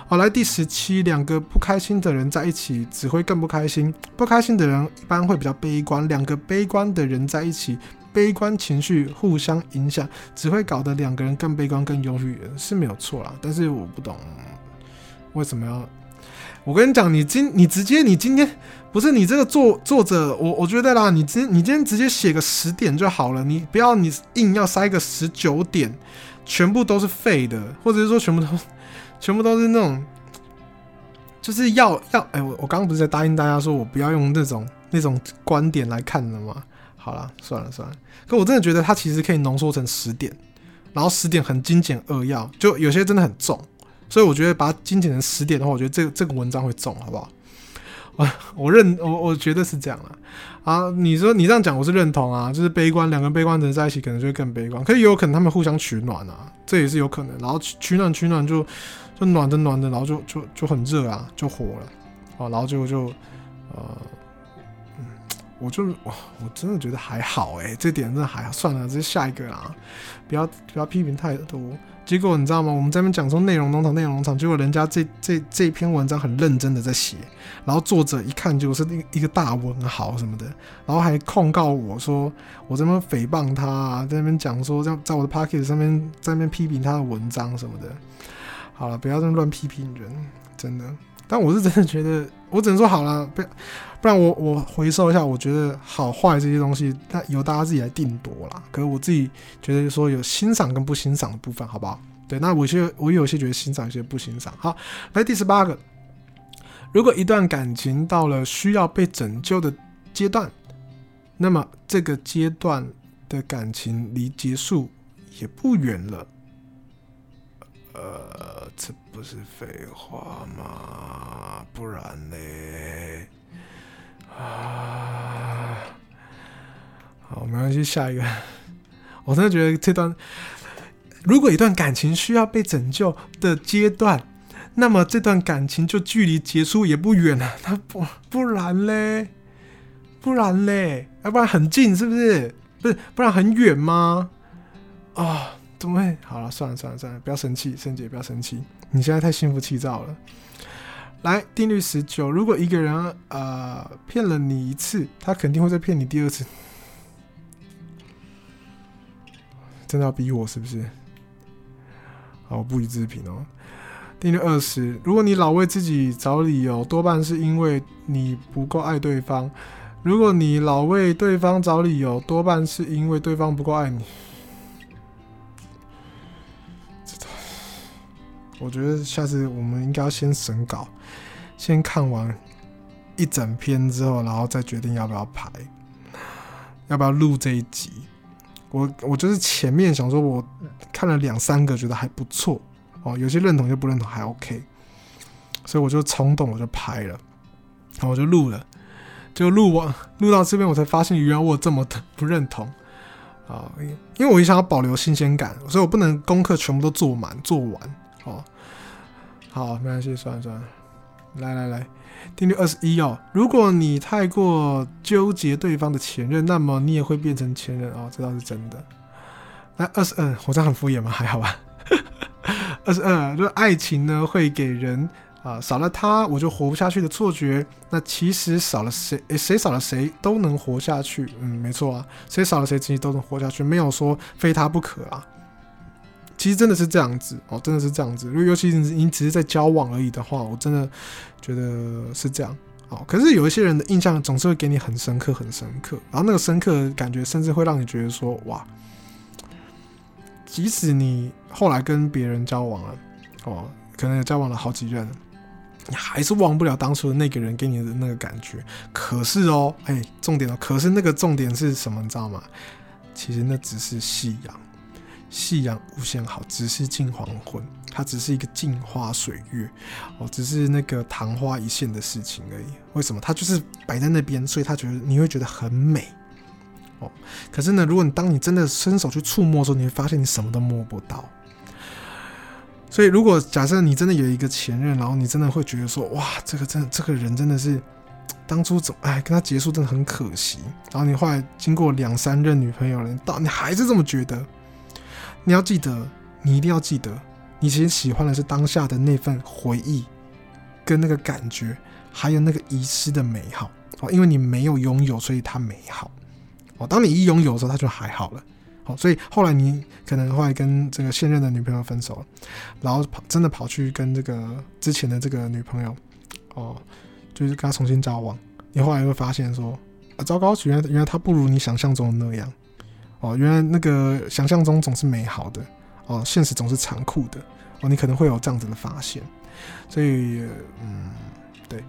Speaker 1: 好，來第十七，兩個不開心的人在一起只會更不開心。不開心的人一般會比較悲觀，兩個悲觀的人在一起，悲觀情緒互相影響，只會搞得兩個人更悲觀、更憂鬱，是沒有錯啦。但是我不懂為什麼要，我跟你講，你今你直接你今天。不是你這個作作者，我我覺得啦，你直你今天直接寫個十點就好了，你不要你硬要塞個十九點，全部都是廢的，或者是說全部都全部都是那種，就是要要哎、欸，我我剛剛不是在答應大家說我不要用那種那種觀點來看了嗎？好啦，算了算了，可我真的覺得它其實可以濃縮成十點，然後十點很精簡扼要，就有些真的很重，所以我覺得把它精簡成十點的話，我覺得這這個文章會重，好不好？ 我認我我覺得是這樣了啊！你說你這樣講，我是認同啊，就是悲觀，兩個悲觀的人在一起可能就會更悲觀，可以也有可能他們互相取暖啊，這也是有可能。然後取暖取暖就就暖的暖的，然後就就就很熱啊，就火了啊，然後就就呃，嗯，我就哇，我真的覺得還好誒、欸，這點真的還算了，這是下一個啦，不要不要批評太多。結果你知道嗎？我們在那邊講說內容農場，內容農場。結果人家這這這篇文章很認真的在寫，然後作者一看就是一一個大文豪什麼的，然後還控告我說我在那邊誹謗他、啊，在那邊講說在在我的 podcast 上面在那邊批評他的文章什麼的。好了，不要這麼亂批評人，真的。但我是真的覺得，我只能說好了，不，不然我我回收一下，我覺得好壞這些東西，那由大家自己來定奪啦。可是我自己覺得說有欣賞跟不欣賞的部分，好不好？對，那我就，我有些覺得欣賞，有些不欣賞。好，來第十八個，如果一段感情到了需要被拯救的階段，那麼這個階段的感情離結束也不遠了。呃，這不是廢話嗎？不然呢？啊，好，我們要去下一個。我真的覺得這段，如果一段感情需要被拯救的階段，那麼這段感情就距離結束也不遠了，啊。那不不然嘞？不然嘞？要，啊，不然很近是不是？不是，不然很遠嗎？啊。怎麼會？好了，算了，算了，算了，不要生氣，申姐不要生氣，你現在太心浮氣躁了。來，定律十九，如果一個人啊，呃，騙了你一次，他肯定會再騙你第二次。真的要逼我是不是？好，不予置評哦。定律二十，如果你老為自己找理由，多半是因為你不夠愛對方；如果你老為對方找理由，多半是因為對方不夠愛你。我覺得下次我們應該要先審稿，先看完一整篇之後，然後再決定要不要拍，要不要錄這一集。我我就是前面想說，我看了兩三個，覺得還不錯哦，有些認同，有些不認同，還 OK。所以我就衝動，我就拍了，然後我就錄了，就錄完錄到這邊，我才發現原來我這麼的不認同啊、哦！因為我也想要保留新鮮感，所以我不能功課全部都做滿做完。哦，好，沒關係，算了算了，來來來，定律二十一哦。如果你太過糾結對方的前任，那麼你也會變成前任哦，這倒是真的。來二十二，22，我這樣很敷衍嗎？還好吧。二十二，就是愛情呢，會給人啊、呃、少了他我就活不下去的錯覺。那其實少了誰，誰少了誰都能活下去。嗯，沒錯啊，誰少了誰自己都能活下去，沒有說非他不可啊。其實真的是這樣子哦，真的是這樣子。如果尤其是你只是在交往而已的話，我真的覺得是這樣。哦。可是有一些人的印象總是會給你很深刻、很深刻。然後那個深刻的感覺，甚至會讓你覺得說：哇，即使你後來跟別人交往了，哦，可能也交往了好幾任，你還是忘不了當初的那個人給你的那個感覺。可是哦，哎、欸，重點哦，可是那個重點是什麼？你知道嗎？其實那只是信仰。夕陽無限好，只是近黃昏。它只是一個鏡花水月，哦，只是那個曇花一現的事情而已。為什麼？它就是擺在那邊，所以他覺得你會覺得很美，哦。可是呢，如果你當你真的伸手去觸摸的時候，你會發現你什麼都摸不到。所以，如果假設你真的有一個前任，然後你真的會覺得說，哇，這個真的這個人真的是當初怎麼哎，跟他結束真的很可惜。然後你後來經過兩三任女朋友了，到你還是這麼覺得。你要記得，你一定要記得，你其實喜歡的是當下的那份回憶，跟那個感覺，還有那個遺失的美好哦。因為你沒有擁有，所以它美好哦。當你一擁有的時候，它就還好了。好，哦，所以後來你可能後來跟這個現任的女朋友分手了，然後跑真的跑去跟這個之前的這個女朋友哦，就是跟她重新交往。你後來會發現說，啊，糟糕，原來原來她不如你想象中的那樣。哦，原來那個想象中總是美好的哦，現實總是殘酷的哦，你可能會有這樣子的發現，所以嗯，對，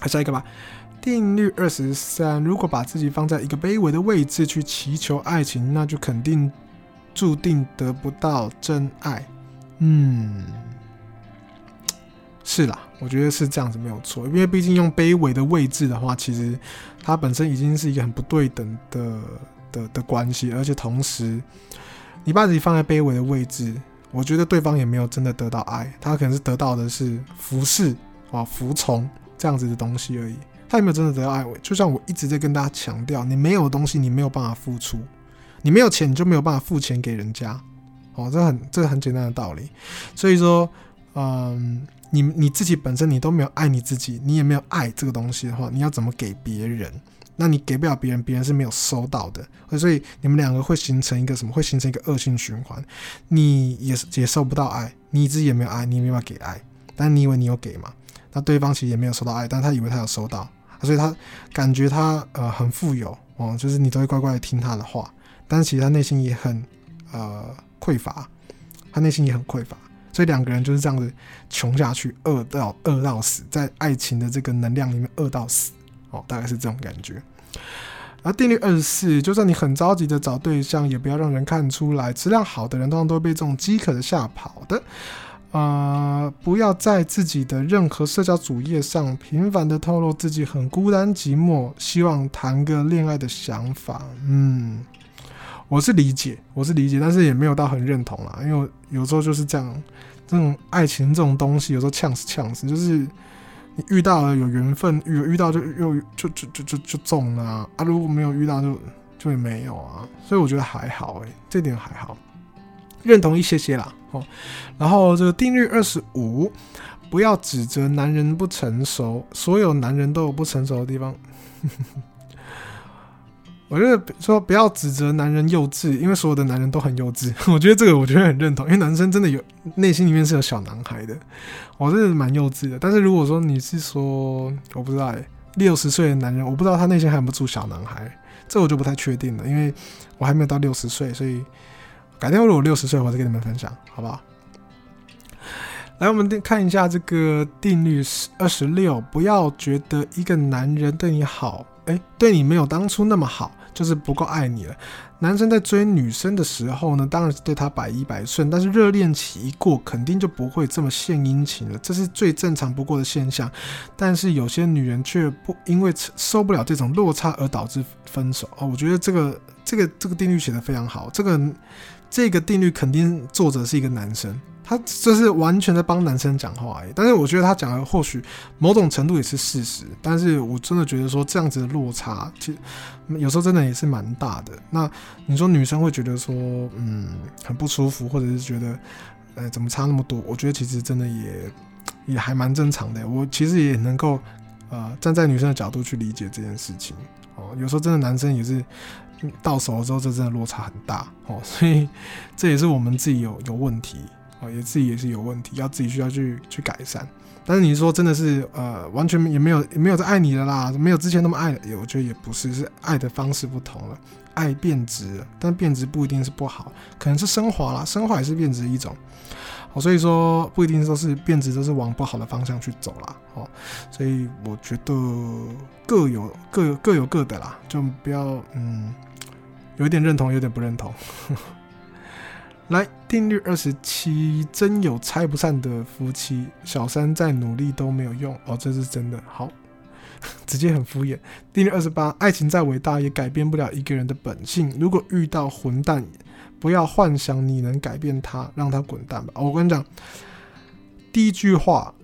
Speaker 1: 好，下一個吧。定律二十三：如果把自己放在一個卑微的位置去祈求愛情，那就肯定注定得不到真愛。嗯，是啦，我覺得是這樣子沒有錯，因為畢竟用卑微的位置的話，其實它本身已經是一個很不對等的。的的關係，而且同時，你把自己放在卑微的位置，我覺得對方也沒有真的得到愛，他可能是得到的是服侍啊、服從這樣子的東西而已，他也沒有真的得到愛我。就像我一直在跟大家強調，你沒有東西，你沒有辦法付出；你沒有錢，你就沒有辦法付錢給人家。哦、啊，這很，這很簡單的道理。所以說，嗯，你你自己本身你都沒有愛你自己，你也沒有愛這個東西的話，你要怎麼給別人？那你給不了別人，別人是沒有收到的，所以你們兩個會形成一個什麼？會形成一個惡性循環。你也接收不到愛，你自己也沒有愛，你也沒法給愛，但你以為你有給嗎？那對方其實也沒有收到愛，但他以為他有收到，所以他感覺他呃很富有哦，就是你都會乖乖的聽他的話，但其實他內心也很呃匱乏，他內心也很匱乏，所以兩個人就是這樣子窮下去，餓到餓到死，在愛情的這個能量裡面餓到死。哦，大概是這種感覺。而，定律二十四，就算你很着急的找對象，也不要讓人看出來。質量好的人通常都會被這種飢渴的嚇跑的。啊、呃，不要在自己的任何社交主頁上頻繁的透露自己很孤單寂寞，希望談個戀愛的想法。嗯，我是理解，我是理解，但是也沒有到很認同啦，因為有時候就是這樣，這種愛情這種東西，有時候嗆死嗆死，就是。遇到了有緣分，遇遇到就又就就就就就中了啊，啊！如果沒有遇到就，就就也沒有啊。所以我覺得還好、欸，哎，這點還好，認同一些些啦。哦，然後這個定律二十五，不要指責男人不成熟，所有男人都有不成熟的地方。 我覺得說不要指責男人幼稚，因為所有的男人都很幼稚。我覺得這個我覺得很認同，因為男生真的有內心裡面是有小男孩的，我是蠻幼稚的。但是如果說你是說我不知道哎，六十歲的男人，我不知道他內心還有沒有住小男孩，這我就不太確定了，因為我還沒有到六十歲，所以改天我如果六十歲，我再跟你們分享，好不好？來，我們看一下這個定律二十六，不要覺得一個男人對你好，誒，對你沒有當初那麼好，就是不夠愛你了。男生在追女生的時候呢，當然是對她百依百順，但是熱戀期一過，肯定就不會這麼獻殷勤了，這是最正常不過的現象。但是有些女人卻不因為受不了這種落差而導致分手。哦，我覺得這個這個這個定律寫得非常好，這個。這個定律肯定作者是一個男生，他就是完全在幫男生講話。但是我覺得他講的或許某種程度也是事實。但是我真的覺得說這樣子的落差，其實有時候真的也是蠻大的。那你說女生會覺得說，嗯，很不舒服，或者是覺得，呃、哎，怎麼差那麼多？我覺得其實真的也也還蠻正常的。我其實也能夠，啊、呃，站在女生的角度去理解這件事情。哦，有時候真的男生也是。到手的時候，這真的落差很大哦，所以這也是我們自己有有問題哦，也自己也是有問題，要自己需要去去改善。但是你說真的是呃，完全也沒有也沒有在愛你的啦，沒有之前那麼愛，欸，我覺得也不是，是愛的方式不同了，愛變質了，但變質不一定是不好，可能是升華了，升華也是變質一種。哦。所以說不一定說是變質都是往不好的方向去走啦哦，所以我覺得各有各有各有各的啦，就不要嗯。有點認同，有點不認同。 來，定律二十七，真有拆不散的夫妻，小三再努力都沒有用哦，這是真的。好，直接很敷衍。定律二十八，愛情再偉大也改變不了一個人的本性。如果遇到混蛋，不要幻想你能改變他，讓他滾蛋吧。哦，我跟你講，第一句話，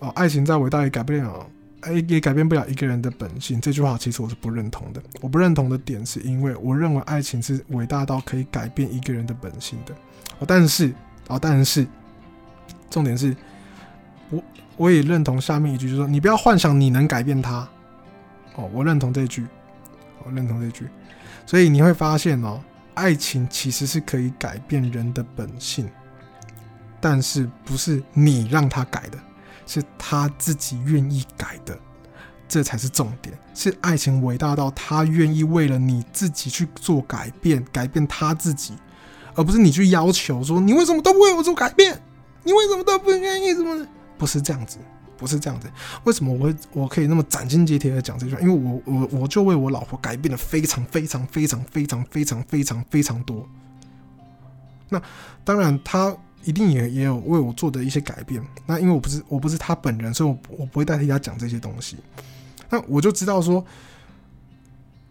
Speaker 1: 哦，愛情再偉大也改變不了。哎，也改變不了一個人的本性。這句話其實我是不認同的。我不認同的點是因為我認為愛情是偉大到可以改變一個人的本性的。哦，但是啊，哦，但是，重點是，我我也認同下面一句，就是說你不要幻想你能改變他。哦，我認同這句，我認同這句。所以你會發現哦，愛情其實是可以改變人的本性，但是不是你讓他改的。是他自己願意改的，這才是重點。是愛情偉大到他願意為了你自己去做改變，改變他自己，而不是你去要求說，你為什麼都不為我做改變？你為什麼都不願意什？怎麼不是這樣子？不是這樣子。為什麼我會我可以那麼斬釘截鐵的講這句話？因為我我我就為我老婆改變了非常非常非常非常非常非常非常非常多。那當然他。一定也也有為我做的一些改變。那因為我不是我不是他本人，所以我我不會代替他講這些東西。那我就知道說，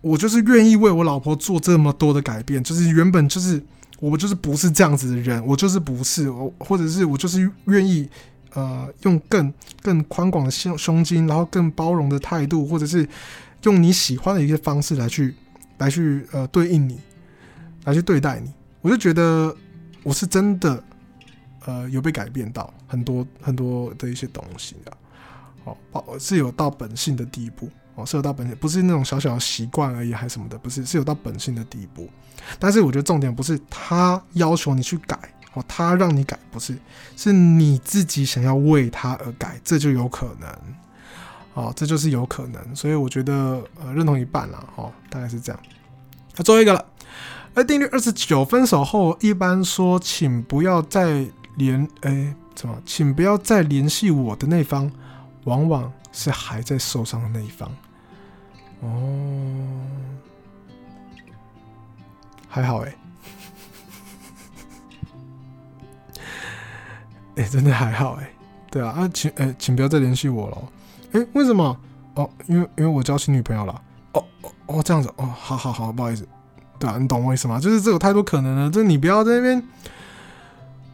Speaker 1: 我就是願意為我老婆做這麼多的改變。就是原本就是我就是不是這樣子的人，我就是不是我，或者是我就是願意呃用更更寬廣的胸胸襟，然後更包容的態度，或者是用你喜歡的一些方式來去來去呃對應你，來去對待你。我就覺得我是真的。呃，有被改變到很多很多的一些東西的，啊，哦，是有到本性的地步哦，是有到本性，不是那種小小的習慣而已，還是什麼的，不是，是有到本性的地步。但是我覺得重點不是他要求你去改，哦，他讓你改，不是，是你自己想要為他而改，這就有可能，哦，這就是有可能。所以我覺得呃，認同一半啦，啊，哦，大概是這樣。他最後一個了，而定律二十九，分手後一般說，請不要再聯誒、欸，怎麼？請不要再聯繫我的那方，往往是還在受傷的那一方。哦，還好誒、欸，誒、 欸，真的還好誒、欸。對啊，啊，請誒、欸，請不要再聯繫我了。誒、欸，為什麼？哦，因為因為我交新女朋友了。哦哦，這樣子哦，好好好，不好意思。對啊，你懂我意思嗎？就是這有太多可能了，就你不要在那邊。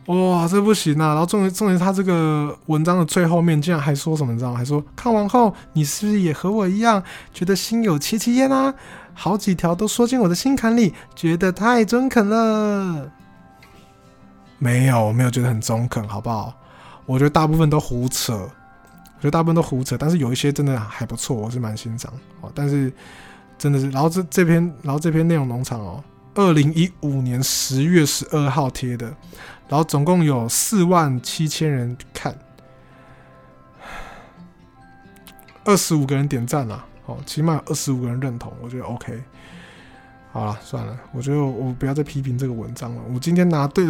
Speaker 1: 哇、哦，這不行啊！然後重點，重點是他這個文章的最後面竟然還說什麼，你知道嗎？還說，看完後你是不是也和我一樣覺得心有戚戚焉啊？好幾條都說進我的心坎裡，覺得太中肯了。沒有，我沒有覺得很中肯，好不好？我覺得大部分都胡扯，我覺得大部分都胡扯，但是有一些真的還不錯，我是蠻欣賞。哦、但是真的是，然後這這篇，然後這篇內容農場哦，二零一五年十月十二號貼的。然後總共有四萬七千人看，二十五個人點讚了、啊，哦，起碼二十五個人認同，我覺得 OK。好了，算了，我覺得我不要再批評這個文章了。我今天拿對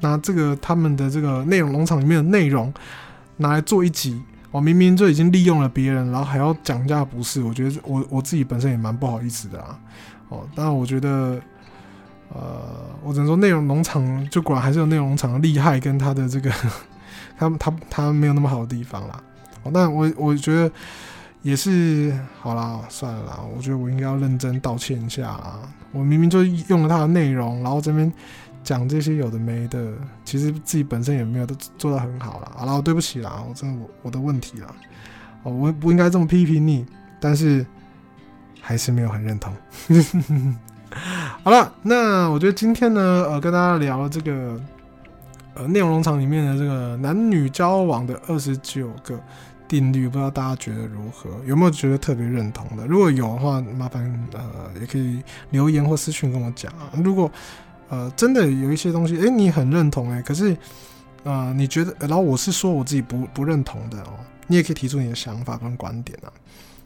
Speaker 1: 拿這個他們的這個內容農場裡面的內容，拿來做一集，我、哦、明明就已經利用了別人，然後還要講價，不是？我覺得我我自己本身也蠻不好意思的啊。哦，但我覺得。呃，我只能說內容農場就果然還是有內容農場的厲害，跟他的這個，他他他沒有那麼好的地方啦。那、哦、我我覺得也是，好了，算了啦，我覺得我應該要認真道歉一下啊。我明明就用了他的內容，然後這邊講這些有的沒的，其實自己本身也沒有都做得很好啦。好了，對不起啦，我真的我我的問題啦。哦、我不應該這麼批評你，但是還是沒有很認同。 好了，那我覺得今天呢，呃，跟大家聊這個呃內容農場裡面的這個男女交往的二十九個定律，不知道大家覺得如何？有沒有覺得特別認同的？如果有的話，麻煩呃也可以留言或私訊跟我講啊。如果呃真的有一些東西，誒、欸，你很認同、欸，誒，可是呃你覺得，然後我是說我自己不不認同的哦、喔，你也可以提出你的想法跟觀點啊。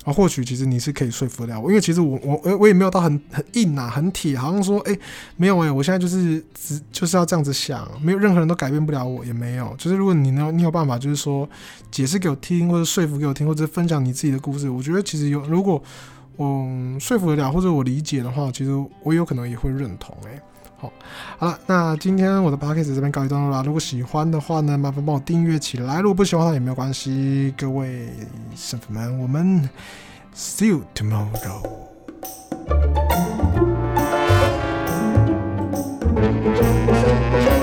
Speaker 1: 啊，或許其實你是可以說服得了我，因為其實我我我也沒有到很很硬啊，很鐵，好像說欸，沒有欸，我現在就是只就是要這樣子想，沒有任何人都改變不了我，也沒有。就是如果你能，你有辦法，就是說解釋給我聽，或者說服給我聽，或者分享你自己的故事，我覺得其實有如果嗯說服得了或者我理解的話，其實我有可能也會認同欸。好、哦，好了，那今天我的 podcast 這邊告一段落啦，啊。如果喜歡的話呢，麻煩幫我訂閱起來。如果不喜歡的話也沒有關係，各位師傅們，我們 see you tomorrow。